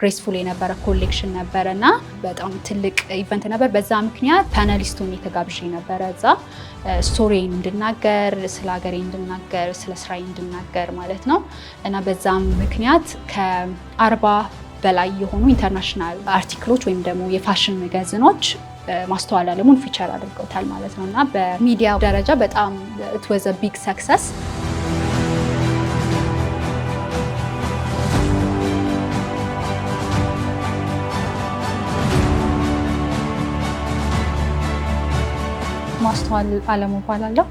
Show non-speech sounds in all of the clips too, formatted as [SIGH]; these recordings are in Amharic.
ግሬስፉል የነበረ ኮሌክሽን ነበረ እና በጣም ትልቅ ኢቨንት ነበር። በዛ ምክንያት ፓነሊስት የተጋብዥ ነበረ እዛ ስቶሪ እንድናገር፣ ስለ ሀገሬ እንድናገር፣ ስለ ስራ እንድናገር ማለት ነው እና በዛም ምክንያት ከአርባ በላይ የሆኑ ኢንተርናሽናል አርቲክሎች ወይም ደግሞ የፋሽን መጋዝኖች ማስተዋል አለሙን ፊቸር አድርገውታል ማለት ነው እና በሚዲያ ደረጃ በጣም ኢት አ ቢግ ሰክሰስ ማስተዋል አለሙ እባላለሁ።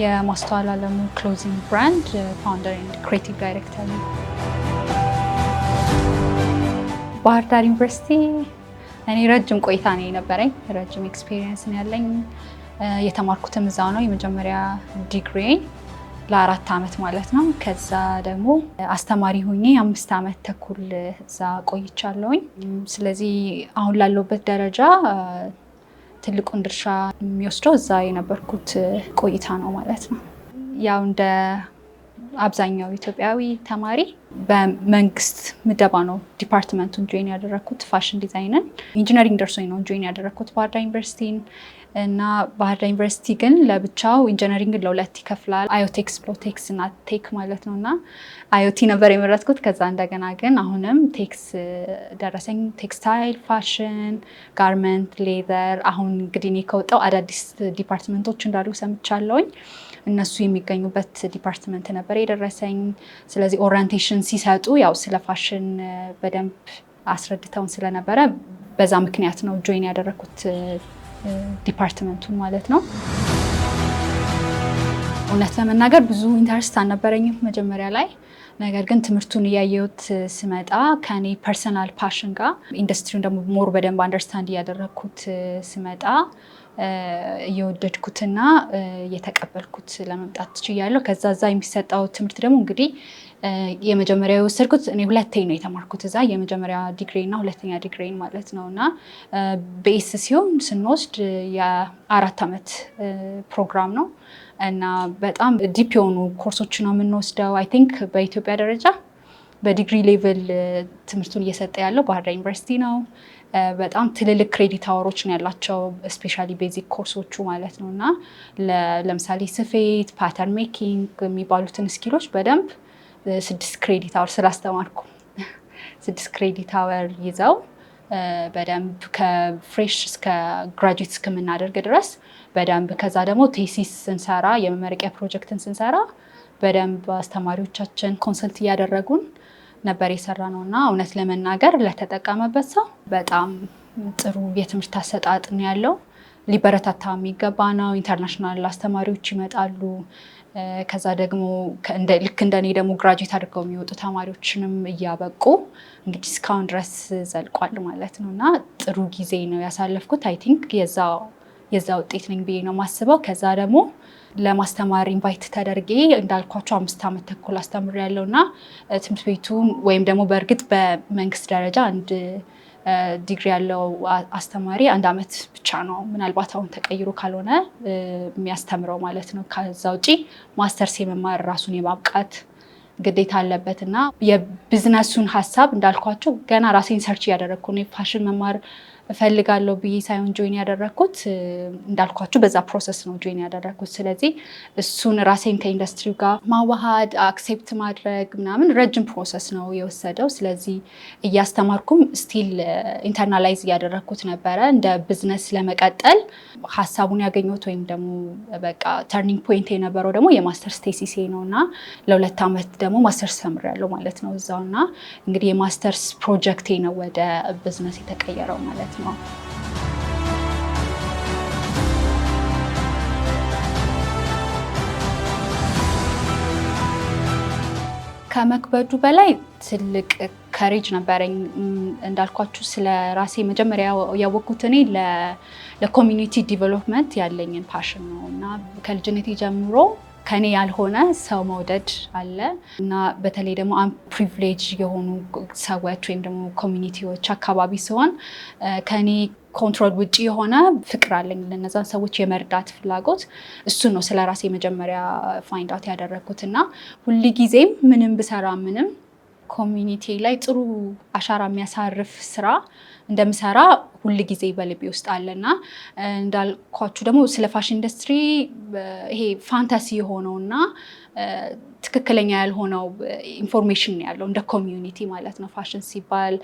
የማስተዋል አለሙ ክሎዚንግ ብራንድ ፋውንደር ኤንድ ክሬቲቭ ዳይሬክተር ነው። ባህር ዳር ዩኒቨርሲቲ እኔ ረጅም ቆይታ ነው የነበረኝ፣ ረጅም ኤክስፒሪየንስ ነው ያለኝ። የተማርኩትም እዛው ነው። የመጀመሪያ ዲግሪ ለአራት ዓመት ማለት ነው። ከዛ ደግሞ አስተማሪ ሆኜ አምስት ዓመት ተኩል እዛ ቆይቻለሁኝ። ስለዚህ አሁን ላለሁበት ደረጃ ትልቁን ድርሻ የሚወስደው እዛ የነበርኩት ቆይታ ነው ማለት ነው። ያው እንደ አብዛኛው ኢትዮጵያዊ ተማሪ በመንግስት ምደባ ነው ዲፓርትመንቱን ጆይን ያደረግኩት ፋሽን ዲዛይንን። ኢንጂነሪንግ ደርሶኝ ነው ጆይን ያደረግኩት ባህርዳር ዩኒቨርሲቲን እና ባህር ዳር ዩኒቨርሲቲ ግን ለብቻው ኢንጂነሪንግ ለሁለት ይከፍላል። አዮቴክስ፣ ፕሮቴክስ እና ቴክ ማለት ነው። እና አዮቲ ነበር የመረጥኩት። ከዛ እንደገና ግን አሁንም ቴክስ ደረሰኝ። ቴክስታይል፣ ፋሽን፣ ጋርመንት፣ ሌዘር። አሁን እንግዲህ እኔ ከወጣው አዳዲስ ዲፓርትመንቶች እንዳሉ ሰምቻለውኝ። እነሱ የሚገኙበት ዲፓርትመንት ነበር የደረሰኝ። ስለዚህ ኦሪንቴሽን ሲሰጡ ያው ስለ ፋሽን በደንብ አስረድተውን ስለነበረ በዛ ምክንያት ነው ጆይን ያደረኩት ዲፓርትመንቱን ማለት ነው። እውነት ለመናገር ብዙ ኢንተርስት አልነበረኝም መጀመሪያ ላይ። ነገር ግን ትምህርቱን እያየሁት ስመጣ ከኔ ፐርሰናል ፓሽን ጋር ኢንዱስትሪውን ደግሞ ሞር በደንብ አንደርስታንድ እያደረግኩት ስመጣ እየወደድኩትና የተቀበልኩት ለመምጣት ችያለሁ። ከዛ እዛ የሚሰጠው ትምህርት ደግሞ እንግዲህ የመጀመሪያ የወሰድኩት እኔ ሁለቴ ነው የተማርኩት እዛ የመጀመሪያ ዲግሪ እና ሁለተኛ ዲግሪ ማለት ነው። እና ቤስ ሲሆን ስንወስድ የአራት ዓመት ፕሮግራም ነው እና በጣም ዲፕ የሆኑ ኮርሶች ነው የምንወስደው። አይ ቲንክ በኢትዮጵያ ደረጃ በዲግሪ ሌቭል ትምህርቱን እየሰጠ ያለው ባህር ዳር ዩኒቨርሲቲ ነው። በጣም ትልልቅ ክሬዲት አወሮች ነው ያላቸው ስፔሻሊ ቤዚክ ኮርሶቹ ማለት ነው እና ለምሳሌ ስፌት፣ ፓተርን ሜኪንግ የሚባሉትን ስኪሎች በደንብ ስድስት ክሬዲት አወር ስላስተማርኩ [LAUGHS] ስድስት ክሬዲት አወር ይዘው በደንብ ከፍሬሽ እስከ ግራጁዌት እስከምናደርግ ድረስ በደንብ ከዛ ደግሞ ቴሲስ ስንሰራ የመመረቂያ ፕሮጀክትን ስንሰራ በደንብ አስተማሪዎቻችን ኮንሰልት እያደረጉን ነበር የሰራ ነው እና እውነት ለመናገር ለተጠቀመበት ሰው በጣም ጥሩ የትምህርት አሰጣጥ ነው ያለው። ሊበረታታ የሚገባ ነው። ኢንተርናሽናል አስተማሪዎች ይመጣሉ። ከዛ ደግሞ ልክ እንደኔ ደግሞ ግራጁዌት አድርገው የሚወጡ ተማሪዎችንም እያበቁ እንግዲህ እስካሁን ድረስ ዘልቋል ማለት ነው እና ጥሩ ጊዜ ነው ያሳለፍኩት። አይ ቲንክ የዛ ውጤት ነኝ ብዬ ነው የማስበው። ከዛ ደግሞ ለማስተማር ኢንቫይት ተደርጌ እንዳልኳቸው አምስት ዓመት ተኩል አስተምር ያለው እና ትምህርት ቤቱ ወይም ደግሞ በእርግጥ በመንግስት ደረጃ አንድ ዲግሪ ያለው አስተማሪ አንድ ዓመት ብቻ ነው ምናልባት አሁን ተቀይሮ ካልሆነ የሚያስተምረው ማለት ነው። ከዛ ውጪ ማስተርስ የመማር ራሱን የማብቃት ግዴታ አለበት እና የቢዝነሱን ሀሳብ እንዳልኳቸው ገና ራሴን ሰርች እያደረግኩ ፋሽን መማር እፈልጋለሁ ብዬ ሳይሆን ጆይን ያደረግኩት እንዳልኳችሁ በዛ ፕሮሰስ ነው ጆይን ያደረግኩት። ስለዚህ እሱን ራሴን ከኢንዱስትሪው ጋር ማዋሃድ፣ አክሴፕት ማድረግ ምናምን ረጅም ፕሮሰስ ነው የወሰደው። ስለዚህ እያስተማርኩም ስቲል ኢንተርናላይዝ እያደረግኩት ነበረ። እንደ ቢዝነስ ለመቀጠል ሀሳቡን ያገኘሁት ወይም ደግሞ በቃ ተርኒንግ ፖይንት የነበረው ደግሞ የማስተርስ ቴሲሴ ነው እና ለሁለት ዓመት ደግሞ ማስተርስ ተምሬያለሁ ማለት ነው እዛው እና እንግዲህ የማስተርስ ፕሮጀክቴ ነው ወደ ብዝነስ የተቀየረው ማለት ነው። ነው። ከመክበዱ በላይ ትልቅ ከሬጅ ነበረኝ። እንዳልኳችሁ ስለ ራሴ መጀመሪያ ያወቅኩት እኔ ለኮሚኒቲ ዲቨሎፕመንት ያለኝን ፓሽን ነው እና ከልጅነቴ ጀምሮ ከኔ ያልሆነ ሰው መውደድ አለ እና በተለይ ደግሞ ፕሪቪሌጅ የሆኑ ሰዎች ወይም ደግሞ ኮሚኒቲዎች አካባቢ ሲሆን ከኔ ኮንትሮል ውጭ የሆነ ፍቅር አለኝ ለነዛ ሰዎች የመርዳት ፍላጎት። እሱ ነው ስለ ራሴ የመጀመሪያ ፋይንድ አውት ያደረግኩት እና ጊዜም ምንም ብሰራ ምንም ኮሚኒቲ ላይ ጥሩ አሻራ የሚያሳርፍ ስራ እንደምሰራ ሁል ጊዜ በልቤ ውስጥ አለና እንዳልኳችሁ ደግሞ ስለ ፋሽን ኢንዱስትሪ ይሄ ፋንታሲ የሆነውና ትክክለኛ ያልሆነው ኢንፎርሜሽን ያለው እንደ ኮሚዩኒቲ ማለት ነው። ፋሽን ሲባል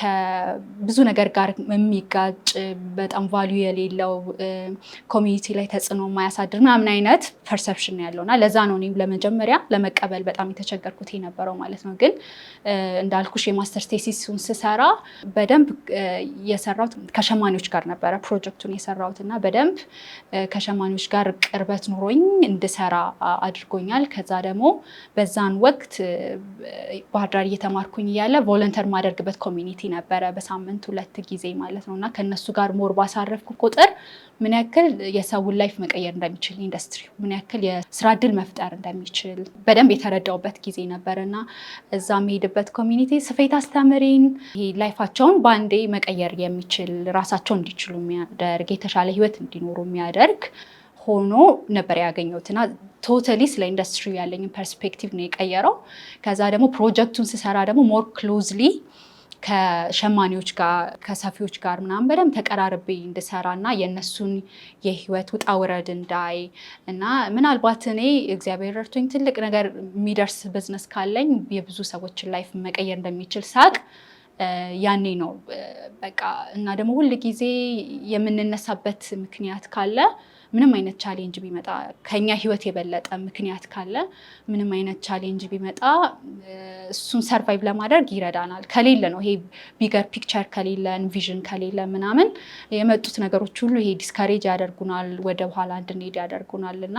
ከብዙ ነገር ጋር የሚጋጭ በጣም ቫሊዩ የሌለው ኮሚዩኒቲ ላይ ተጽዕኖ የማያሳድር ምናምን አይነት ፐርሰፕሽን ያለው እና ለዛ ነው እኔም ለመጀመሪያ ለመቀበል በጣም የተቸገርኩት የነበረው ማለት ነው። ግን እንዳልኩሽ የማስተር ቴሲሱን ስሰራ በደንብ የሰራሁት ከሸማኔዎች ጋር ነበረ ፕሮጀክቱን የሰራሁት እና በደንብ ከሸማኔዎች ጋር ቅርበት ኑሮኝ እንድሰራ አድርጎኛል። ከዛ ደግሞ በዛን ወቅት ባህር ዳር እየተማርኩኝ እያለ ቮለንተር ማደርግበት ኮሚኒቲ ነበረ፣ በሳምንት ሁለት ጊዜ ማለት ነው እና ከእነሱ ጋር ሞር ባሳረፍኩ ቁጥር ምን ያክል የሰውን ላይፍ መቀየር እንደሚችል ኢንዱስትሪ ምን ያክል የስራ እድል መፍጠር እንደሚችል በደንብ የተረዳውበት ጊዜ ነበር እና እዛ የምሄድበት ኮሚኒቲ ስፌት አስተምሪን ላይፋቸውን በአንዴ መቀየር የሚችል ራሳቸውን እንዲችሉ የሚያደርግ የተሻለ ህይወት እንዲኖሩ የሚያደርግ ሆኖ ነበር ያገኘሁት እና ቶታሊ ስለ ኢንዱስትሪ ያለኝን ፐርስፔክቲቭ ነው የቀየረው። ከዛ ደግሞ ፕሮጀክቱን ስሰራ ደግሞ ሞር ክሎዝሊ ከሸማኔዎች ጋር ከሰፊዎች ጋር ምናምን በደንብ ተቀራርቤ እንድሰራ እና የእነሱን የህይወት ውጣ ውረድ እንዳይ እና ምናልባት እኔ እግዚአብሔር ረድቶኝ ትልቅ ነገር የሚደርስ ብዝነስ ካለኝ የብዙ ሰዎችን ላይፍ መቀየር እንደሚችል ሳቅ ያኔ ነው በቃ። እና ደግሞ ሁል ጊዜ የምንነሳበት ምክንያት ካለ ምንም አይነት ቻሌንጅ ቢመጣ ከኛ ህይወት የበለጠ ምክንያት ካለ ምንም አይነት ቻሌንጅ ቢመጣ እሱን ሰርቫይቭ ለማድረግ ይረዳናል። ከሌለ ነው ይሄ ቢገር ፒክቸር ከሌለን ቪዥን ከሌለ ምናምን የመጡት ነገሮች ሁሉ ይሄ ዲስካሬጅ ያደርጉናል፣ ወደ በኋላ እንድንሄድ ያደርጉናል። እና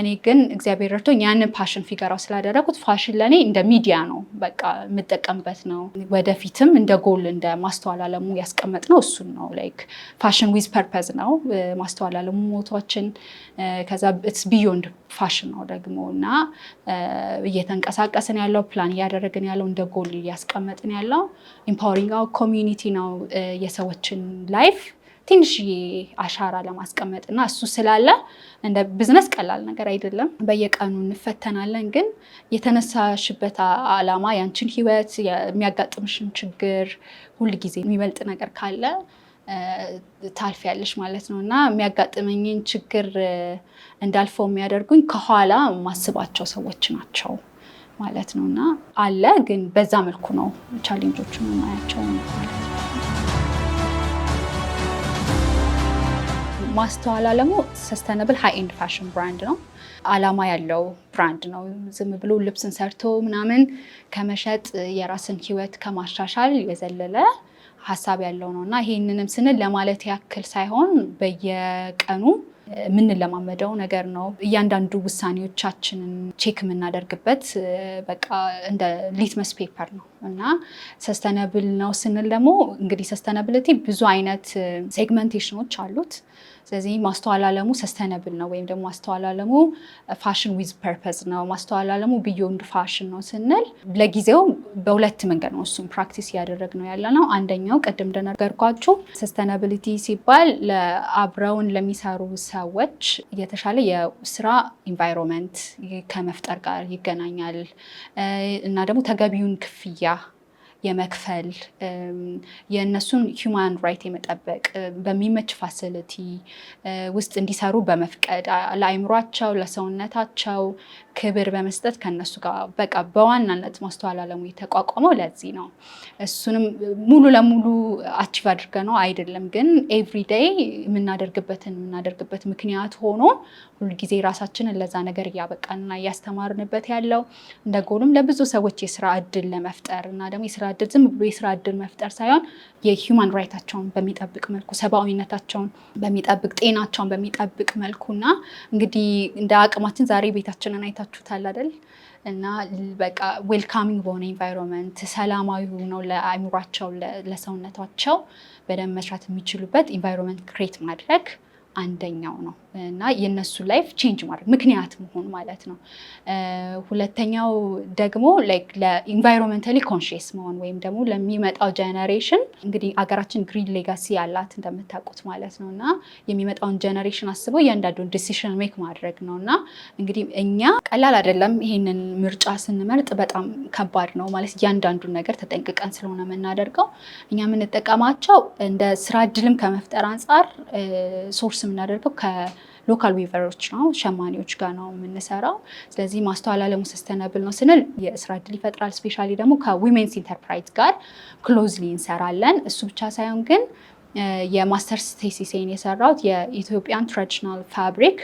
እኔ ግን እግዚአብሔር ረድቶ ያንን ፓሽን ፊገራው ስላደረጉት ፋሽን ለእኔ እንደ ሚዲያ ነው በቃ የምጠቀምበት ነው። ወደፊትም እንደ ጎል እንደ ማስተዋል አለሙ ያስቀመጥ ነው እሱን ነው ላይክ ፋሽን ዊዝ ፐርፐዝ ነው ማስተዋል አለሙ ሞቷ ራሳችን ከዛ ኢትስ ቢዮንድ ፋሽን ነው ደግሞ እና እየተንቀሳቀስን ያለው ፕላን እያደረግን ያለው እንደ ጎል እያስቀመጥን ያለው ኢምፓወሪንግ አወር ኮሚዩኒቲ ነው የሰዎችን ላይፍ ትንሽዬ አሻራ ለማስቀመጥ እና እሱ ስላለ እንደ ቢዝነስ ቀላል ነገር አይደለም። በየቀኑ እንፈተናለን። ግን የተነሳሽበት አላማ ያንችን ህይወት የሚያጋጥምሽን ችግር ጊዜ የሚበልጥ ነገር ካለ ታልፊያለሽ ማለት ነው እና የሚያጋጥመኝን ችግር እንዳልፈው የሚያደርጉኝ ከኋላ ማስባቸው ሰዎች ናቸው ማለት ነው እና አለ ግን በዛ መልኩ ነው ቻሌንጆቹ ማያቸው። ማለት ነው። ማስተዋል አለሙ ሰስተነብል ሃይ ኤንድ ፋሽን ብራንድ ነው። አላማ ያለው ብራንድ ነው። ዝም ብሎ ልብስን ሰርቶ ምናምን ከመሸጥ የራስን ህይወት ከማሻሻል የዘለለ ሀሳብ ያለው ነው እና ይህንንም ስንል ለማለት ያክል ሳይሆን በየቀኑ የምንለማመደው ነገር ነው። እያንዳንዱ ውሳኔዎቻችንን ቼክ የምናደርግበት በቃ እንደ ሊትመስ ፔፐር ነው እና ሰስተነብል ነው ስንል ደግሞ እንግዲህ ሰስተነብልቲ ብዙ አይነት ሴግመንቴሽኖች አሉት። ስለዚህ ማስተዋል አለሙ ሰስተነብል ነው ወይም ደግሞ ማስተዋል አለሙ ፋሽን ዊዝ ፐርፐዝ ነው፣ ማስተዋል አለሙ ቢዮንድ ፋሽን ነው ስንል ለጊዜው በሁለት መንገድ ነው እሱም ፕራክቲስ እያደረግ ነው ያለ ነው። አንደኛው ቅድም እንደነገርኳችሁ ሰስተነብሊቲ ሲባል አብረውን ለሚሰሩ ሰዎች የተሻለ የስራ ኢንቫይሮንመንት ከመፍጠር ጋር ይገናኛል uh, እና ደግሞ ተገቢውን ክፍያ የመክፈል የእነሱን ሂውማን ራይት የመጠበቅ በሚመች ፋሲሊቲ ውስጥ እንዲሰሩ በመፍቀድ ለአይምሯቸው፣ ለሰውነታቸው ክብር በመስጠት ከነሱ ጋር በቃ በዋናነት ማስተዋል አለሙ የተቋቋመው ለዚህ ነው። እሱንም ሙሉ ለሙሉ አቺቭ አድርገ ነው አይደለም፣ ግን ኤቭሪዴይ የምናደርግበትን የምናደርግበት ምክንያት ሆኖ ሁልጊዜ ራሳችንን ለዛ ነገር እያበቃንና እያስተማርንበት ያለው እንደ ለብዙ ሰዎች የስራ እድል ለመፍጠር እና ደግሞ የስራ እድል ዝም ብሎ የስራ እድል መፍጠር ሳይሆን የሂውማን ራይታቸውን በሚጠብቅ መልኩ ሰብአዊነታቸውን በሚጠብቅ ጤናቸውን በሚጠብቅ መልኩ እና እንግዲህ እንደ አቅማችን ዛሬ ቤታችንን አይታችሁታል አይደል? እና በቃ ዌልካሚንግ በሆነ ኢንቫይሮንመንት ሰላማዊ ነው ለአእምሯቸው ለሰውነታቸው በደንብ መስራት የሚችሉበት ኢንቫይሮንመንት ክሬት ማድረግ አንደኛው ነው። እና የነሱ ላይፍ ቼንጅ ማድረግ ምክንያት መሆን ማለት ነው። ሁለተኛው ደግሞ ለኢንቫይሮንመንታሊ ኮንሽስ መሆን ወይም ደግሞ ለሚመጣው ጀነሬሽን እንግዲህ አገራችን ግሪን ሌጋሲ ያላት እንደምታውቁት ማለት ነው እና የሚመጣውን ጀነሬሽን አስበው እያንዳንዱን ዲሲሽን ሜክ ማድረግ ነው እና እንግዲህ እኛ ቀላል አይደለም ይሄንን ምርጫ ስንመርጥ በጣም ከባድ ነው ማለት እያንዳንዱን ነገር ተጠንቅቀን ስለሆነ የምናደርገው እኛ የምንጠቀማቸው እንደ ስራ እድልም ከመፍጠር አንጻር ሶርስ የምናደርገው ሎካል ዊቨሮች ነው፣ ሸማኔዎች ጋር ነው የምንሰራው። ስለዚህ ማስተዋል አለሙ ሰስተነብል ነው ስንል የስራ እድል ይፈጥራል። ስፔሻሊ ደግሞ ከዊሜንስ ኢንተርፕራይዝ ጋር ክሎዝሊ እንሰራለን። እሱ ብቻ ሳይሆን ግን የማስተርስ ቴሲሴን የሰራሁት የኢትዮጵያን ትራዲሽናል ፋብሪክ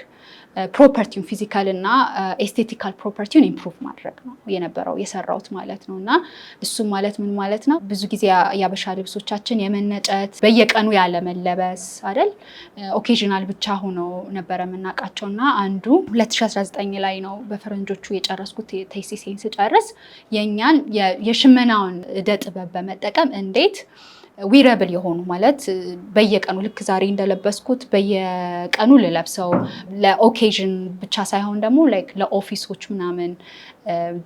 ፕሮፐርቲውን ፊዚካል እና uh, ኤስቴቲካል ፕሮፐርቲውን ኢምፕሩቭ ማድረግ ነው የነበረው የሰራውት ማለት ነው። እና እሱም ማለት ምን ማለት ነው? ብዙ ጊዜ ያበሻ ልብሶቻችን የመነጨት በየቀኑ ያለመለበስ አይደል፣ uh, ኦኬዥናል ብቻ ሆኖ ነበረ የምናውቃቸው። እና አንዱ 2019 ላይ ነው በፈረንጆቹ የጨረስኩት ቴሲሴን ስጨርስ የእኛን የሽመናውን እደ ጥበብ በመጠቀም እንዴት ዊረብል የሆኑ ማለት በየቀኑ ልክ ዛሬ እንደለበስኩት በየቀኑ ልለብሰው ለኦኬዥን ብቻ ሳይሆን ደግሞ ላይክ ለኦፊሶች ምናምን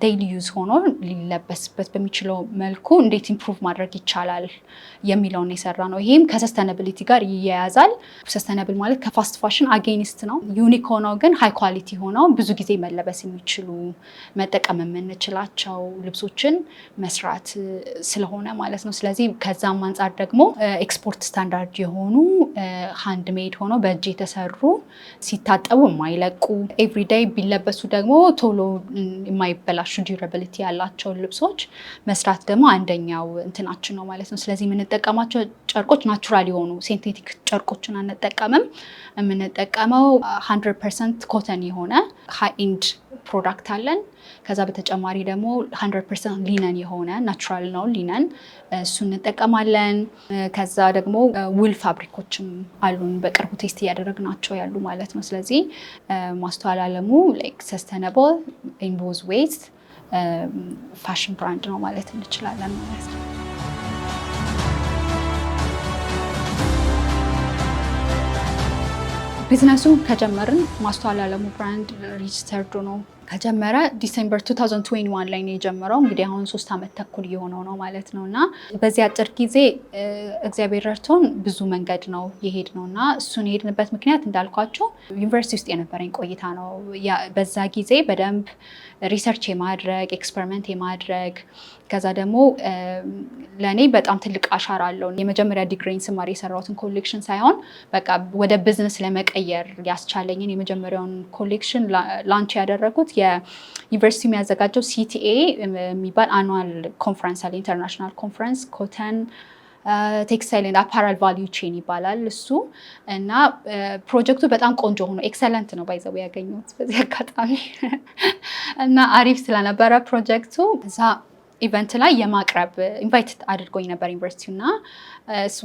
ዴይሊ ዩዝ ሆኖ ሊለበስበት በሚችለው መልኩ እንዴት ኢምፕሩቭ ማድረግ ይቻላል የሚለውን የሰራ ነው። ይህም ከሰስተነብሊቲ ጋር ይያያዛል። ሰስተነብል ማለት ከፋስት ፋሽን አጌኒስት ነው። ዩኒክ ሆነው ግን ሃይ ኳሊቲ ሆነው ብዙ ጊዜ መለበስ የሚችሉ መጠቀም የምንችላቸው ልብሶችን መስራት ስለሆነ ማለት ነው። ስለዚህ ከዛም አንጻር ደግሞ ኤክስፖርት uh, ስታንዳርድ የሆኑ ሃንድ uh, ሜድ ሆነው በእጅ የተሰሩ ሲታጠቡ የማይለቁ ኤቭሪዳይ ቢለበሱ ደግሞ ቶሎ የማይበላሹ ዲዩራቢሊቲ ያላቸውን ልብሶች መስራት ደግሞ አንደኛው እንትናችን ነው ማለት ነው። ስለዚህ የምንጠቀማቸው ጨርቆች ናቹራል የሆኑ ሴንቴቲክ ጨርቆችን አንጠቀምም። የምንጠቀመው ሀንድረድ ፐርሰንት ኮተን የሆነ ሀይ ኢንድ ፕሮዳክት አለን። ከዛ በተጨማሪ ደግሞ 100 ፐርሰንት ሊነን የሆነ ናቹራል ነው ሊነን፣ እሱ እንጠቀማለን። ከዛ ደግሞ ውል ፋብሪኮችም አሉን በቅርቡ ቴስት እያደረግናቸው ያሉ ማለት ነው። ስለዚህ ማስተዋል አለሙ ሰስተነብል ኢን ቦዝ ዌይስ ፋሽን ብራንድ ነው ማለት እንችላለን ማለት ነው። ቢዝነሱ ከጀመርን ማስተዋል አለሙ ብራንድ ሪጅስተርድ ነው ከጀመረ ዲሴምበር 2021 ላይ ነው የጀመረው። እንግዲህ አሁን ሶስት ዓመት ተኩል የሆነው ነው ማለት ነው እና በዚህ አጭር ጊዜ እግዚአብሔር ረድቶን ብዙ መንገድ ነው የሄድ ነው እና እሱን የሄድንበት ምክንያት እንዳልኳቸው ዩኒቨርሲቲ ውስጥ የነበረኝ ቆይታ ነው። በዛ ጊዜ በደንብ ሪሰርች የማድረግ ኤክስፐሪመንት የማድረግ ከዛ ደግሞ ለእኔ በጣም ትልቅ አሻራ አለው። የመጀመሪያ ዲግሪን ስማር የሰራሁትን ኮሌክሽን ሳይሆን በቃ ወደ ቢዝነስ ለመቀየር ያስቻለኝን የመጀመሪያውን ኮሌክሽን ላንች ያደረጉት የዩኒቨርሲቲ የሚያዘጋጀው ሲቲኤ የሚባል አኑዋል ኮንፈረንስ አለ ኢንተርናሽናል ኮንፈረንስ ኮተን ቴክስታይል አፓራል ቫሊዩ ቼን ይባላል እሱ እና ፕሮጀክቱ በጣም ቆንጆ ሆኖ ኤክሰለንት ነው ባይዘው ያገኘሁት በዚህ አጋጣሚ [LAUGHS] እና አሪፍ ስለነበረ ፕሮጀክቱ እዛ ኢቨንት ላይ የማቅረብ ኢንቫይት አድርጎኝ ነበር ዩኒቨርሲቲው እና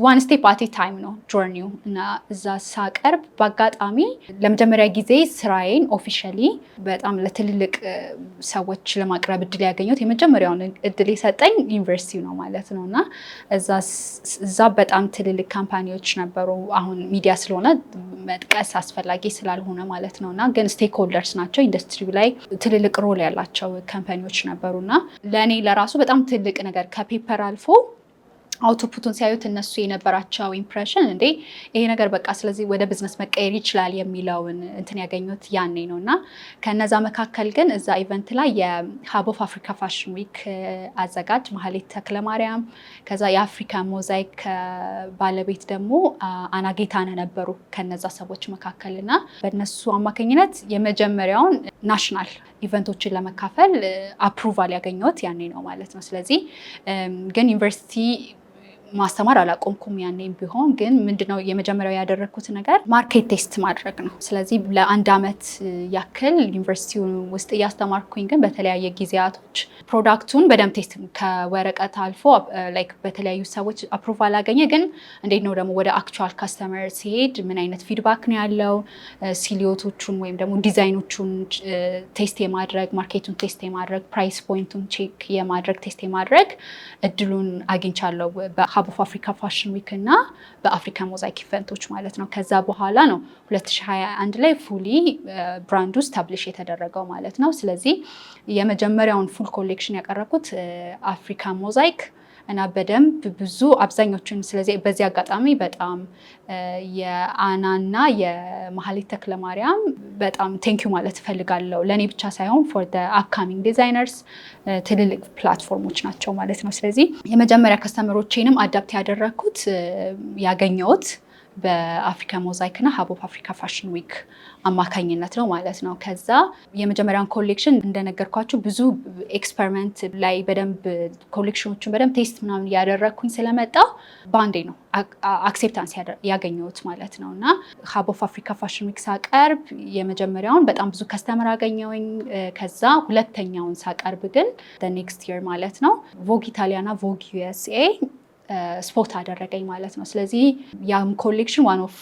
ዋን ስቴፕ አቴ ታይም ነው ጆርኒው እና እዛ ሳቀርብ በአጋጣሚ ለመጀመሪያ ጊዜ ስራዬን ኦፊሻሊ በጣም ለትልልቅ uh, ሰዎች ለማቅረብ እድል ያገኘሁት የመጀመሪያውን እድል የሰጠኝ ዩኒቨርሲቲው ነው ማለት ነው እና እዛ በጣም ትልልቅ ካምፓኒዎች ነበሩ። አሁን ሚዲያ ስለሆነ መጥቀስ አስፈላጊ ስላልሆነ ማለት ነው እና ግን ስቴክሆልደርስ ናቸው ኢንዱስትሪው ላይ ትልልቅ ሮል ያላቸው ካምፓኒዎች ነበሩ እና ለእኔ ለራ ራሱ በጣም ትልቅ ነገር ከፔፐር አልፎ አውቶፑቱን ሲያዩት እነሱ የነበራቸው ኢምፕሬሽን እንዴ ይሄ ነገር በቃ ስለዚህ ወደ ቢዝነስ መቀየር ይችላል የሚለውን እንትን ያገኙት ያኔ ነው። እና ከነዛ መካከል ግን እዛ ኢቨንት ላይ የሀብ ኦፍ አፍሪካ ፋሽን ዊክ አዘጋጅ ማህሌት ተክለማርያም፣ ከዛ የአፍሪካ ሞዛይክ ባለቤት ደግሞ አናጌታነ ነበሩ ከነዛ ሰዎች መካከል እና በነሱ አማካኝነት የመጀመሪያውን ናሽናል ኢቨንቶችን ለመካፈል አፕሩቫል uh, ያገኘሁት ያኔ ነው ማለት ነው። ስለዚህ um, ግን ዩኒቨርሲቲ ማስተማር አላቆምኩም። ያኔም ቢሆን ግን ምንድነው የመጀመሪያው ያደረግኩት ነገር ማርኬት ቴስት ማድረግ ነው። ስለዚህ ለአንድ ዓመት ያክል ዩኒቨርሲቲ ውስጥ እያስተማርኩኝ ግን በተለያየ ጊዜያቶች ፕሮዳክቱን በደንብ ቴስት ከወረቀት አልፎ በተለያዩ ሰዎች አፕሮቫል አላገኘ ግን እንዴት ነው ደግሞ ወደ አክቹዋል ካስተመር ሲሄድ ምን አይነት ፊድባክ ነው ያለው? ሲሊዮቶቹን ወይም ደግሞ ዲዛይኖቹን ቴስት የማድረግ ማርኬቱን ቴስት የማድረግ ፕራይስ ፖይንቱን ቼክ የማድረግ ቴስት የማድረግ እድሉን አግኝቻለሁ። በሀብ ኦፍ አፍሪካ ፋሽን ዊክ እና በአፍሪካ ሞዛይክ ኢቨንቶች ማለት ነው። ከዛ በኋላ ነው 2021 ላይ ፉሊ ብራንዱ ስታብሊሽ የተደረገው ማለት ነው። ስለዚህ የመጀመሪያውን ፉል ኮሌክሽን ያቀረብኩት አፍሪካ ሞዛይክ እና በደንብ ብዙ አብዛኞቹን ስለዚህ በዚህ አጋጣሚ በጣም የአናና የመሀሌት ተክለማርያም በጣም ቴንኪዩ ማለት እፈልጋለሁ። ለእኔ ብቻ ሳይሆን ፎር አፕካሚንግ ዲዛይነርስ ትልልቅ ፕላትፎርሞች ናቸው ማለት ነው። ስለዚህ የመጀመሪያ ከስተመሮቼንም አዳፕት ያደረግኩት ያገኘሁት በአፍሪካ ሞዛይክ እና አፍሪካ ፋሽን ዊክ አማካኝነት ነው ማለት ነው። ከዛ የመጀመሪያውን ኮሌክሽን እንደነገርኳችሁ ብዙ ኤክስፐሪመንት ላይ በደንብ ኮሌክሽኖችን በደንብ ቴስት ምናምን እያደረግኩኝ ስለመጣ በአንዴ ነው አክሴፕታንስ ያገኘሁት ማለት ነው። እና ሀብ ኦፍ አፍሪካ ፋሽን ዊክ ሳቀርብ የመጀመሪያውን በጣም ብዙ ከስተመር አገኘውኝ። ከዛ ሁለተኛውን ሳቀርብ ግን ኔክስት ር ማለት ነው ቮግ ኢታሊያና ቮግ ዩኤስኤ ስፖት አደረገኝ ማለት ነው። ስለዚህ ያም ኮሌክሽን ዋን ኦፍ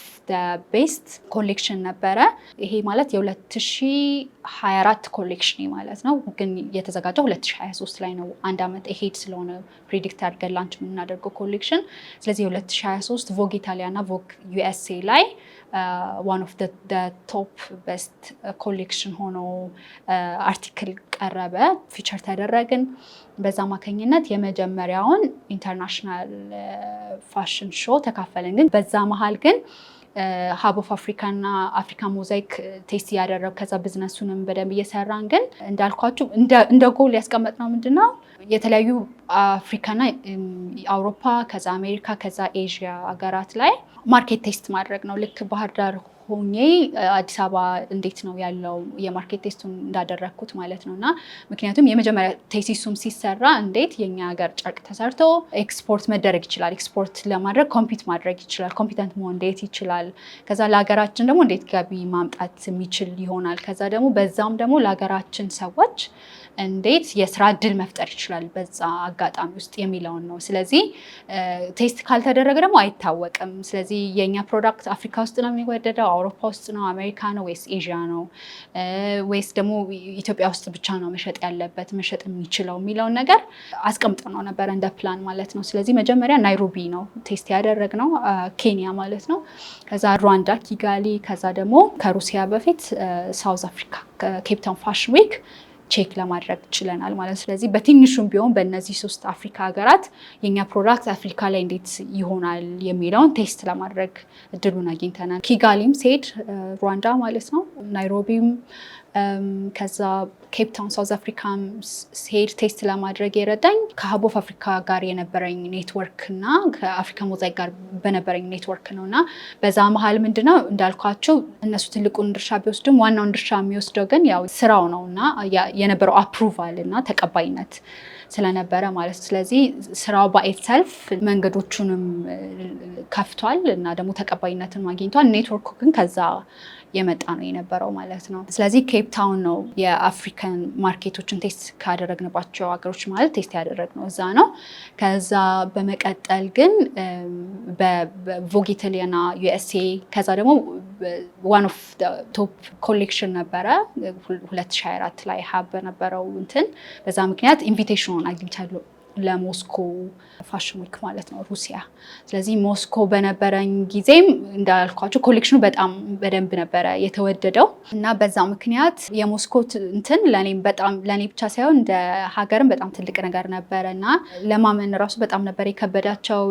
ቤስት ኮሌክሽን ነበረ። ይሄ ማለት የ2024 ኮሌክሽን ማለት ነው፣ ግን የተዘጋጀው 2023 ላይ ነው። አንድ ዓመት ሄድ ስለሆነ ፕሪዲክት አድርገን ላንች የምናደርገው ኮሌክሽን። ስለዚህ የ2023 ቮግ ኢታሊያ እና ቮግ ዩኤስኤ ላይ ዋን ኦፍ ቶፕ በስት ኮሌክሽን ሆኖ አርቲክል uh, ቀረበ፣ ፊቸር ተደረግን። በዛ አማካኝነት የመጀመሪያውን ኢንተርናሽናል ፋሽን ሾ ተካፈለን። ግን በዛ መሀል ግን ሀብ ኦፍ አፍሪካና አፍሪካ ሞዛይክ ቴስት እያደረግ ከዛ ብዝነሱንም በደንብ እየሰራን ግን እንዳልኳችሁ እንደ ጎል ያስቀመጥ ነው ምንድነው የተለያዩ አፍሪካና አውሮፓ um, ከዛ አሜሪካ ከዛ ኤዥያ ሀገራት ላይ ማርኬት ቴስት ማድረግ ነው። ልክ ባህር ዳር ሆኜ አዲስ አበባ እንዴት ነው ያለው የማርኬት ቴስቱን እንዳደረግኩት ማለት ነው። እና ምክንያቱም የመጀመሪያ ቴሲሱም ሲሰራ እንዴት የኛ ሀገር ጨርቅ ተሰርቶ ኤክስፖርት መደረግ ይችላል፣ ኤክስፖርት ለማድረግ ኮምፒት ማድረግ ይችላል፣ ኮምፒተንት መሆን እንዴት ይችላል፣ ከዛ ለሀገራችን ደግሞ እንዴት ገቢ ማምጣት የሚችል ይሆናል፣ ከዛ ደግሞ በዛም ደግሞ ለሀገራችን ሰዎች እንዴት የስራ እድል መፍጠር ይችላል በዛ አጋጣሚ ውስጥ የሚለውን ነው። ስለዚህ ቴስት ካልተደረገ ደግሞ አይታወቅም። ስለዚህ የእኛ ፕሮዳክት አፍሪካ ውስጥ ነው የሚወደደው፣ አውሮፓ ውስጥ ነው፣ አሜሪካ ነው ወይስ ኤዥያ ነው ወይስ ደግሞ ኢትዮጵያ ውስጥ ብቻ ነው መሸጥ ያለበት መሸጥ የሚችለው የሚለውን ነገር አስቀምጠ ነው ነበር እንደ ፕላን ማለት ነው። ስለዚህ መጀመሪያ ናይሮቢ ነው ቴስት ያደረግነው ኬንያ ማለት ነው። ከዛ ሩዋንዳ ኪጋሊ፣ ከዛ ደግሞ ከሩሲያ በፊት ሳውዝ አፍሪካ ኬፕታውን ፋሽን ዊክ ቼክ ለማድረግ ችለናል ማለት ስለዚህ በትንሹም ቢሆን በእነዚህ ሶስት አፍሪካ ሀገራት የኛ ፕሮዳክት አፍሪካ ላይ እንዴት ይሆናል የሚለውን ቴስት ለማድረግ እድሉን አግኝተናል። ኪጋሊም ሴድ ሩዋንዳ ማለት ነው ናይሮቢም ከዛ ኬፕታውን ሳውዝ አፍሪካ ሲሄድ ቴስት ለማድረግ የረዳኝ ከሀብ ኦፍ አፍሪካ ጋር የነበረኝ ኔትወርክ እና ከአፍሪካ ሞዛይክ ጋር በነበረኝ ኔትወርክ ነው እና በዛ መሀል ምንድነው እንዳልኳቸው እነሱ ትልቁን ድርሻ ቢወስድም ዋናውን ድርሻ የሚወስደው ግን ያው ስራው ነው እና የነበረው አፕሩቫል እና ተቀባይነት ስለነበረ ማለት ስለዚህ ስራው ባኤትሰልፍ መንገዶቹንም ከፍቷል እና ደግሞ ተቀባይነትን አግኝቷል። ኔትወርኩ ግን ከዛ የመጣ ነው የነበረው ማለት ነው። ስለዚህ ኬፕ ታውን ነው የአፍሪካን ማርኬቶችን ቴስት ካደረግንባቸው ሀገሮች ማለት ቴስት ያደረግነው እዛ ነው። ከዛ በመቀጠል ግን በቮግ ኢታሊያና ዩኤስኤ ከዛ ደግሞ ዋን ኦፍ ቶፕ ኮሌክሽን ነበረ 2024 ላይ ሀብ በነበረው እንትን በዛ ምክንያት ኢንቪቴሽኑን አግኝቻለሁ ለሞስኮ ፋሽን ዊክ ማለት ነው ሩሲያ። ስለዚህ ሞስኮ በነበረኝ ጊዜም እንዳልኳቸው ኮሌክሽኑ በጣም በደንብ ነበረ የተወደደው እና በዛ ምክንያት የሞስኮ እንትን ለእኔም በጣም ለእኔ ብቻ ሳይሆን እንደ ሀገርም በጣም ትልቅ ነገር ነበረ እና ለማመን ራሱ በጣም ነበር የከበዳቸው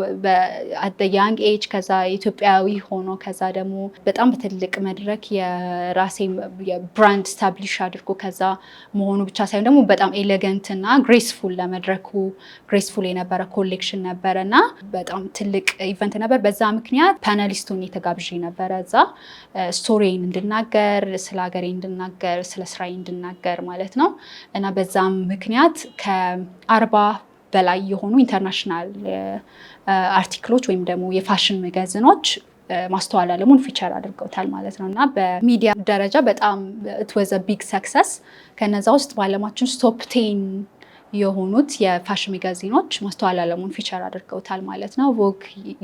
ያንግ ኤጅ ከዛ ኢትዮጵያዊ ሆኖ ከዛ ደግሞ በጣም በትልቅ መድረክ የራሴ ብራንድ ስታብሊሽ አድርጎ ከዛ መሆኑ ብቻ ሳይሆን ደግሞ በጣም ኤሌገንት እና ግሬስፉል ለመድረኩ ግሬስፉል የነበረ ኮሌክሽን ነበረ እና በጣም ትልቅ ኢቨንት ነበር። በዛ ምክንያት ፓናሊስቱን የተጋብዥ ነበረ እዛ ስቶሪን እንድናገር ስለ ሀገሬ እንድናገር ስለ ስራዬ እንድናገር ማለት ነው እና በዛም ምክንያት ከአርባ በላይ የሆኑ ኢንተርናሽናል አርቲክሎች ወይም ደግሞ የፋሽን መጋዘኖች ማስተዋል አለሙን ፊቸር አድርገውታል ማለት ነው እና በሚዲያ ደረጃ በጣም ኢት አ ቢግ ሰክሰስ። ከነዛ ውስጥ በአለማችን ቶፕ ቴን የሆኑት የፋሽን መጋዚኖች ማስተዋል ዓለሙን ፊቸር አድርገውታል ማለት ነው። ቮግ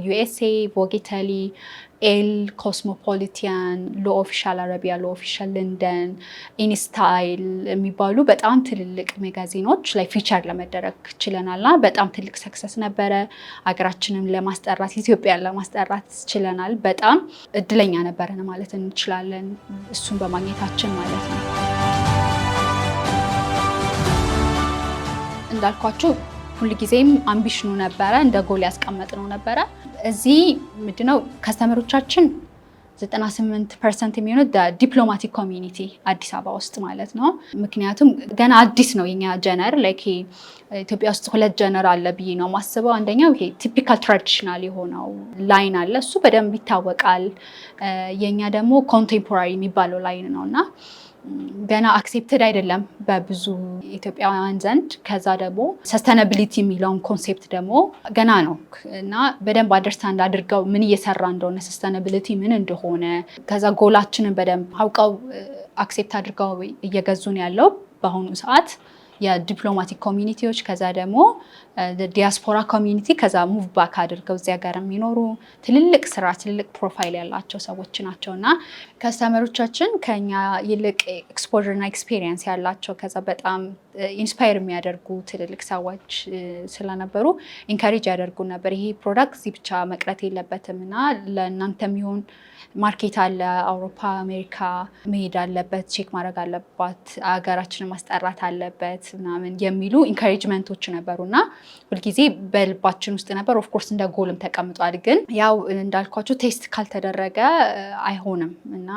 ዩኤስኤ፣ ቮግ ኢታሊ፣ ኤል፣ ኮስሞፖሊቲያን፣ ሎ ኦፊሻል አረቢያ፣ ሎ ኦፊሻል ለንደን፣ ኢንስታይል የሚባሉ በጣም ትልልቅ ሜጋዚኖች ላይ ፊቸር ለመደረግ ችለናል እና በጣም ትልቅ ሰክሰስ ነበረ። ሀገራችንም ለማስጠራት ኢትዮጵያን ለማስጠራት ችለናል። በጣም እድለኛ ነበረን ማለት እንችላለን እሱን በማግኘታችን ማለት ነው። እንዳልኳችሁ ሁልጊዜም አምቢሽኑ ነበረ፣ እንደ ጎል ያስቀመጥነው ነበረ። እዚህ ምንድነው ከስተመሮቻችን 98 ፐርሰንት የሚሆኑት ዲፕሎማቲክ ኮሚኒቲ አዲስ አበባ ውስጥ ማለት ነው። ምክንያቱም ገና አዲስ ነው የኛ ጀነር። ላይክ ኢትዮጵያ ውስጥ ሁለት ጀነር አለ ብዬ ነው ማስበው። አንደኛው ይሄ ቲፒካል ትራዲሽናል የሆነው ላይን አለ፣ እሱ በደንብ ይታወቃል። የኛ ደግሞ ኮንቴምፖራሪ የሚባለው ላይን ነው እና ገና አክሴፕትድ አይደለም በብዙ ኢትዮጵያውያን ዘንድ። ከዛ ደግሞ ሰስተናብሊቲ የሚለውን ኮንሴፕት ደግሞ ገና ነው እና በደንብ አንደርስታንድ አድርገው ምን እየሰራ እንደሆነ ሰስተናብሊቲ ምን እንደሆነ ከዛ ጎላችንን በደንብ አውቀው አክሴፕት አድርገው እየገዙን ያለው በአሁኑ ሰዓት የዲፕሎማቲክ ኮሚኒቲዎች ከዛ ደግሞ ዲያስፖራ ኮሚኒቲ ከዛ ሙቭ ባክ አድርገው እዚያ ጋር የሚኖሩ ትልልቅ ስራ ትልልቅ ፕሮፋይል ያላቸው ሰዎች ናቸው እና ከስተመሮቻችን ከኛ ይልቅ ኤክስፖዥር እና ኤክስፔሪየንስ ያላቸው ከዛ በጣም ኢንስፓየር የሚያደርጉ ትልልቅ ሰዎች ስለነበሩ ኢንካሬጅ ያደርጉ ነበር። ይሄ ፕሮዳክት እዚህ ብቻ መቅረት የለበትም እና ለእናንተ የሚሆን ማርኬት አለ፣ አውሮፓ አሜሪካ መሄድ አለበት፣ ቼክ ማድረግ አለባት፣ ሀገራችንን ማስጠራት አለበት ምናምን የሚሉ ኢንካሬጅመንቶች ነበሩ እና ሁልጊዜ በልባችን ውስጥ ነበር። ኦፍኮርስ እንደ ጎልም ተቀምጧል። ግን ያው እንዳልኳቸው ቴስት ካልተደረገ አይሆንም እና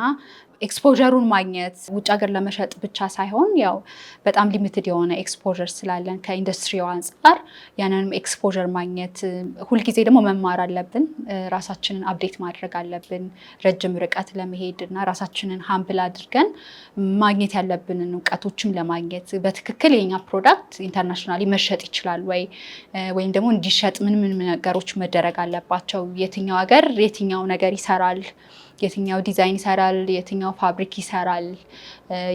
ኤክስፖጀሩን ማግኘት ውጭ ሀገር ለመሸጥ ብቻ ሳይሆን ያው በጣም ሊሚትድ የሆነ ኤክስፖር ስላለን ከኢንዱስትሪው አንጻር ያንንም ኤክስፖጀር ማግኘት፣ ሁልጊዜ ደግሞ መማር አለብን። ራሳችንን አፕዴት ማድረግ አለብን። ረጅም ርቀት ለመሄድ እና ራሳችንን ሀምብል አድርገን ማግኘት ያለብንን እውቀቶችም ለማግኘት በትክክል የኛ ፕሮዳክት ኢንተርናሽናሊ መሸጥ ይችላል ወይ ወይም ደግሞ እንዲሸጥ ምን ምን ነገሮች መደረግ አለባቸው፣ የትኛው ሀገር የትኛው ነገር ይሰራል የትኛው ዲዛይን ይሰራል፣ የትኛው ፋብሪክ ይሰራል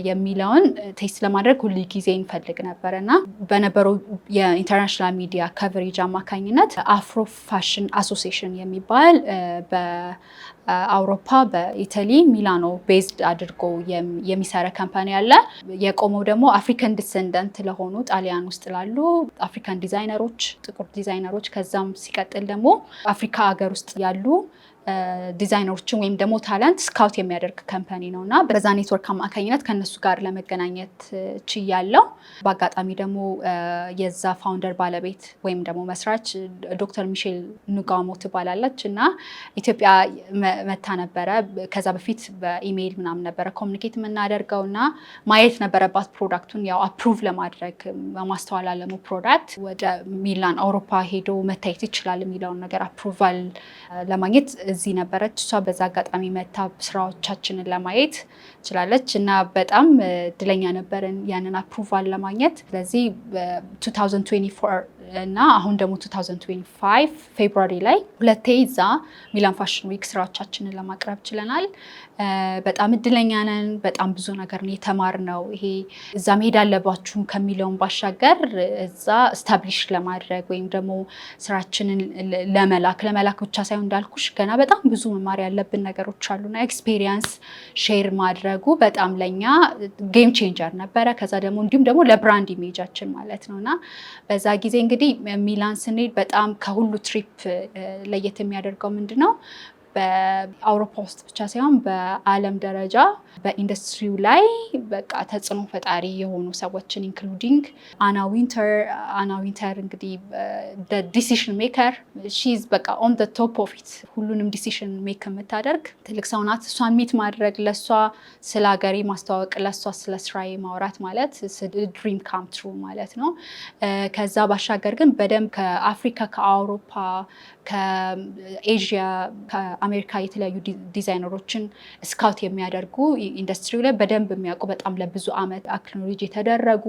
የሚለውን ቴስት ለማድረግ ሁል ጊዜ እንፈልግ ነበር እና በነበረው የኢንተርናሽናል ሚዲያ ከቨሬጅ አማካኝነት አፍሮ ፋሽን አሶሲሽን የሚባል በአውሮፓ በኢታሊ ሚላኖ ቤዝድ አድርጎ የሚሰራ ካምፓኒ አለ። የቆመው ደግሞ አፍሪካን ዲሰንደንት ለሆኑ ጣሊያን ውስጥ ላሉ አፍሪካን ዲዛይነሮች፣ ጥቁር ዲዛይነሮች ከዛም ሲቀጥል ደግሞ አፍሪካ ሀገር ውስጥ ያሉ ዲዛይነሮችን ወይም ደግሞ ታለንት ስካውት የሚያደርግ ካምፓኒ ነው እና በዛ ኔትወርክ አማካኝነት ከእነሱ ጋር ለመገናኘት ችያለው በአጋጣሚ ደግሞ የዛ ፋውንደር ባለቤት ወይም ደግሞ መስራች ዶክተር ሚሼል ኑጋሞ ትባላለች እና ኢትዮጵያ መታ ነበረ። ከዛ በፊት በኢሜይል ምናምን ነበረ ኮሚኒኬት የምናደርገው እና ማየት ነበረባት ፕሮዳክቱን ያው አፕሩቭ ለማድረግ በማስተዋል አለሙ ፕሮዳክት ወደ ሚላን አውሮፓ ሄዶ መታየት ይችላል የሚለውን ነገር አፕሩቫል ለማግኘት እዚህ ነበረች። እሷ በዛ አጋጣሚ መታ ስራዎቻችንን ለማየት ችላለች እና በጣም እድለኛ ነበርን ያንን አፕሩቫል ለማግኘት። ስለዚህ 2024 እና አሁን ደግሞ 2025 ፌብሩዋሪ ላይ ሁለቴ እዛ ሚላን ፋሽን ዊክ ስራዎቻችንን ለማቅረብ ችለናል። በጣም እድለኛ ነን። በጣም ብዙ ነገር የተማርነው ይሄ እዛ መሄድ አለባችሁም ከሚለውን ባሻገር እዛ ስታብሊሽ ለማድረግ ወይም ደግሞ ስራችንን ለመላክ ለመላክ ብቻ ሳይሆን እንዳልኩሽ ገና በጣም ብዙ መማር ያለብን ነገሮች አሉና ኤክስፔሪየንስ ሼር ማድረጉ በጣም ለኛ ጌም ቼንጀር ነበረ። ከዛ ደግሞ እንዲሁም ደግሞ ለብራንድ ኢሜጃችን ማለት ነውና በዛ ጊዜ እንግዲህ ሚላን ስንሄድ በጣም ከሁሉ ትሪፕ ለየት የሚያደርገው ምንድነው በአውሮፓ ውስጥ ብቻ ሳይሆን በዓለም ደረጃ በኢንዱስትሪው ላይ በቃ ተጽዕኖ ፈጣሪ የሆኑ ሰዎችን ኢንክሉዲንግ አና ዊንተር አና ዊንተር እንግዲህ ዲሲሽን ሜከር ሺዝ በቃ ኦን ቶፕ ኦፍ ኢት ሁሉንም ዲሲሽን ሜክ የምታደርግ ትልቅ ሰው ናት። እሷ ሚት ማድረግ ለእሷ ስለ ሀገሬ ማስተዋወቅ ለእሷ ስለ ስራዬ ማውራት ማለት ድሪም ካም ትሩ ማለት ነው። uh, ከዛ ባሻገር ግን በደንብ ከአፍሪካ ከአውሮፓ ከኤዥያ ከአሜሪካ የተለያዩ ዲዛይነሮችን ስካውት የሚያደርጉ ኢንዱስትሪው ላይ በደንብ የሚያውቁ በጣም ለብዙ ዓመት አክኖሎጂ የተደረጉ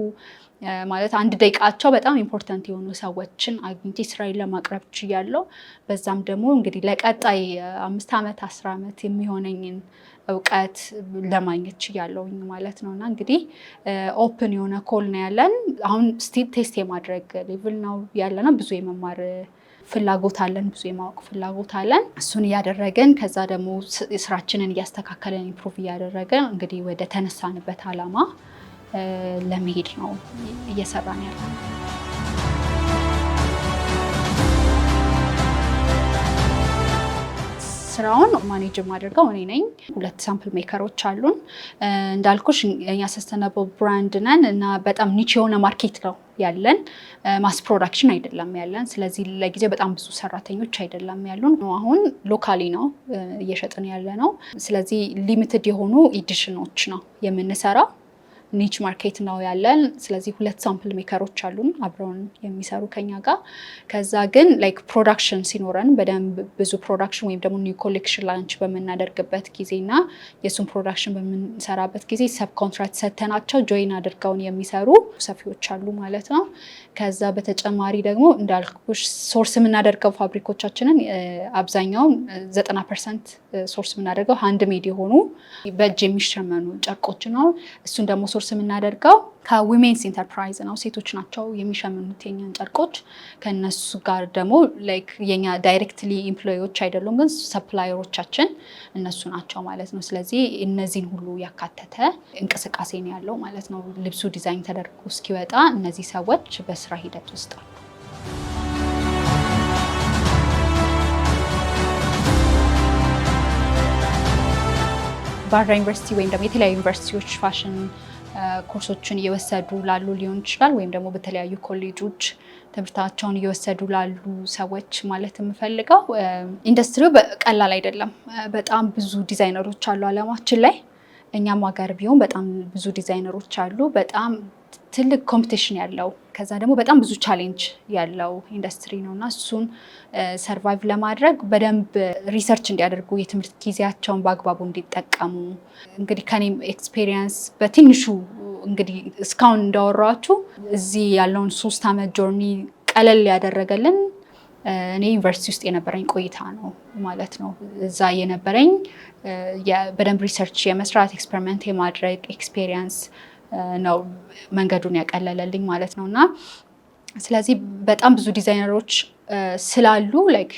ማለት አንድ ደቂቃቸው በጣም ኢምፖርታንት የሆኑ ሰዎችን አግኝቼ ስራዬን ለማቅረብ ችያለሁ። በዛም ደግሞ እንግዲህ ለቀጣይ አምስት ዓመት አስር ዓመት የሚሆነኝን እውቀት ለማግኘት ችያለሁኝ ማለት ነው። እና እንግዲህ ኦፕን የሆነ ኮል ነው ያለን። አሁን ስቲል ቴስት የማድረግ ሌቭል ነው ያለና ብዙ የመማር ፍላጎት አለን፣ ብዙ የማወቅ ፍላጎት አለን። እሱን እያደረገን ከዛ ደግሞ ስራችንን እያስተካከለን ኢምፕሩቭ እያደረገን እንግዲህ ወደ ተነሳንበት አላማ ለመሄድ ነው እየሰራን ያለ ስራውን ማኔጅ አድርገው እኔ ነኝ። ሁለት ሳምፕል ሜከሮች አሉን። እንዳልኩሽ እኛ ሰስተነብል ብራንድ ነን እና በጣም ኒች የሆነ ማርኬት ነው ያለን ማስ ፕሮዳክሽን አይደለም ያለን። ስለዚህ ለጊዜ በጣም ብዙ ሰራተኞች አይደለም ያሉን። አሁን ሎካሊ ነው እየሸጥን ያለ ነው። ስለዚህ ሊሚትድ የሆኑ ኢዲሽኖች ነው የምንሰራው ኒች ማርኬት ነው ያለን። ስለዚህ ሁለት ሳምፕል ሜከሮች አሉን አብረውን የሚሰሩ ከኛ ጋር። ከዛ ግን ላይክ ፕሮዳክሽን ሲኖረን በደንብ ብዙ ፕሮዳክሽን ወይም ደግሞ ኒው ኮሌክሽን ላንች በምናደርግበት ጊዜና የእሱን ፕሮዳክሽን በምንሰራበት ጊዜ ሰብ ኮንትራክት ሰተናቸው ጆይን አድርገውን የሚሰሩ ሰፊዎች አሉ ማለት ነው። ከዛ በተጨማሪ ደግሞ እንዳልኩሽ ሶርስ የምናደርገው ፋብሪኮቻችንን አብዛኛውን ዘጠና ፐርሰንት ሶርስ የምናደርገው ሀንድ ሜድ የሆኑ በእጅ የሚሸመኑ ጨርቆች ነው። እሱን ደግሞ ሶርስ የምናደርገው ከዊሜንስ ኢንተርፕራይዝ ነው። ሴቶች ናቸው የሚሸምኑት የኛን ጨርቆች። ከነሱ ጋር ደግሞ ላይክ የኛ ዳይሬክትሊ ኢምፕሎይዎች አይደሉም፣ ግን ሰፕላየሮቻችን እነሱ ናቸው ማለት ነው። ስለዚህ እነዚህን ሁሉ ያካተተ እንቅስቃሴ ነው ያለው ማለት ነው። ልብሱ ዲዛይን ተደርጎ እስኪወጣ እነዚህ ሰዎች በስ የስራ ሂደት ውስጥ አሉ። ባህርዳር ዩኒቨርሲቲ ወይም ደግሞ የተለያዩ ዩኒቨርሲቲዎች ፋሽን ኮርሶችን እየወሰዱ ላሉ ሊሆን ይችላል፣ ወይም ደግሞ በተለያዩ ኮሌጆች ትምህርታቸውን እየወሰዱ ላሉ ሰዎች ማለት የምፈልገው ኢንዱስትሪው ቀላል አይደለም። በጣም ብዙ ዲዛይነሮች አሉ አለማችን ላይ። እኛም ሀገር ቢሆን በጣም ብዙ ዲዛይነሮች አሉ። በጣም ትልቅ ኮምፒቴሽን ያለው ከዛ ደግሞ በጣም ብዙ ቻሌንጅ ያለው ኢንዱስትሪ ነው እና እሱን ሰርቫይቭ ለማድረግ በደንብ ሪሰርች እንዲያደርጉ የትምህርት ጊዜያቸውን በአግባቡ እንዲጠቀሙ እንግዲህ ከኔም ኤክስፔሪየንስ በትንሹ እንግዲህ እስካሁን እንዳወራችሁ እዚህ ያለውን ሶስት ዓመት ጆርኒ ቀለል ያደረገልን እኔ ዩኒቨርሲቲ ውስጥ የነበረኝ ቆይታ ነው ማለት ነው። እዛ የነበረኝ በደንብ ሪሰርች የመስራት ኤክስፐሪመንት የማድረግ ኤክስፔሪየንስ ነው መንገዱን ያቀለለልኝ ማለት ነው። እና ስለዚህ በጣም ብዙ ዲዛይነሮች ስላሉ ላይክ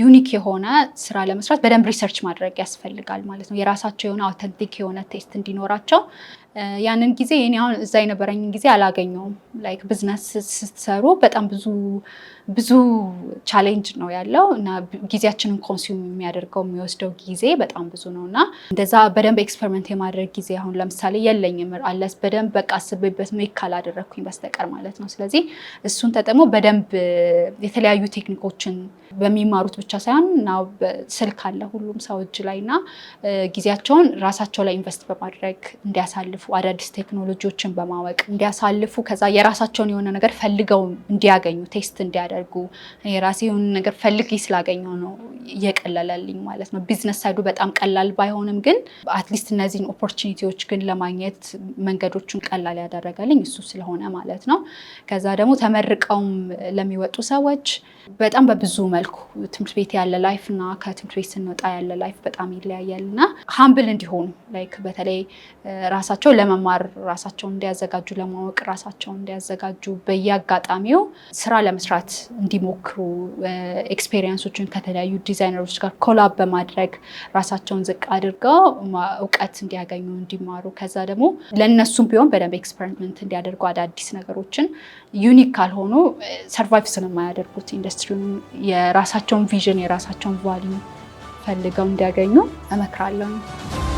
ዩኒክ የሆነ ስራ ለመስራት በደንብ ሪሰርች ማድረግ ያስፈልጋል ማለት ነው። የራሳቸው የሆነ አውተንቲክ የሆነ ቴስት እንዲኖራቸው ያንን ጊዜ እኔ አሁን እዛ የነበረኝን ጊዜ አላገኘውም። ላይክ ብዝነስ ስትሰሩ በጣም ብዙ ብዙ ቻሌንጅ ነው ያለው እና ጊዜያችንን ኮንሱም የሚያደርገው የሚወስደው ጊዜ በጣም ብዙ ነው እና እንደዛ በደንብ ኤክስፐሪመንት የማድረግ ጊዜ አሁን ለምሳሌ የለኝም አለስ በደንብ በቃ አስቤበት ሜክ ካላደረግኩኝ በስተቀር ማለት ነው። ስለዚህ እሱን ተጠቅሞ በደንብ የተለያዩ ቴክኒኮችን በሚማሩት ብቻ ሳይሆን እና ስልክ አለ ሁሉም ሰው እጅ ላይ እና ጊዜያቸውን ራሳቸው ላይ ኢንቨስት በማድረግ እንዲያሳልፉ አዳዲስ ቴክኖሎጂዎችን በማወቅ እንዲያሳልፉ ከዛ የራሳቸውን የሆነ ነገር ፈልገው እንዲያገኙ ቴስት እንዲያደርግ እንዳደርጉ የራሴ የሆነ ነገር ፈልጌ ስላገኘው ነው እየቀለለልኝ ማለት ነው። ቢዝነስ ሳይዱ በጣም ቀላል ባይሆንም ግን አትሊስት እነዚህን ኦፖርቹኒቲዎች ግን ለማግኘት መንገዶቹን ቀላል ያደረገልኝ እሱ ስለሆነ ማለት ነው። ከዛ ደግሞ ተመርቀውም ለሚወጡ ሰዎች በጣም በብዙ መልኩ ትምህርት ቤት ያለ ላይፍ እና ከትምህርት ቤት ስንወጣ ያለ ላይፍ በጣም ይለያያል እና ሀምብል እንዲሆኑ ላይክ በተለይ ራሳቸው ለመማር ራሳቸው እንዲያዘጋጁ ለማወቅ ራሳቸው እንዲያዘጋጁ በየአጋጣሚው ስራ ለመስራት እንዲሞክሩ ኤክስፔሪየንሶችን ከተለያዩ ዲዛይነሮች ጋር ኮላብ በማድረግ ራሳቸውን ዝቅ አድርገው እውቀት እንዲያገኙ እንዲማሩ፣ ከዛ ደግሞ ለእነሱም ቢሆን በደንብ ኤክስፐሪመንት እንዲያደርጉ አዳዲስ ነገሮችን ዩኒክ ካልሆኑ ሰርቫይቭ ስለማያደርጉት ኢንዱስትሪውን የራሳቸውን ቪዥን የራሳቸውን ቫሊዩ ፈልገው እንዲያገኙ እመክራለሁ።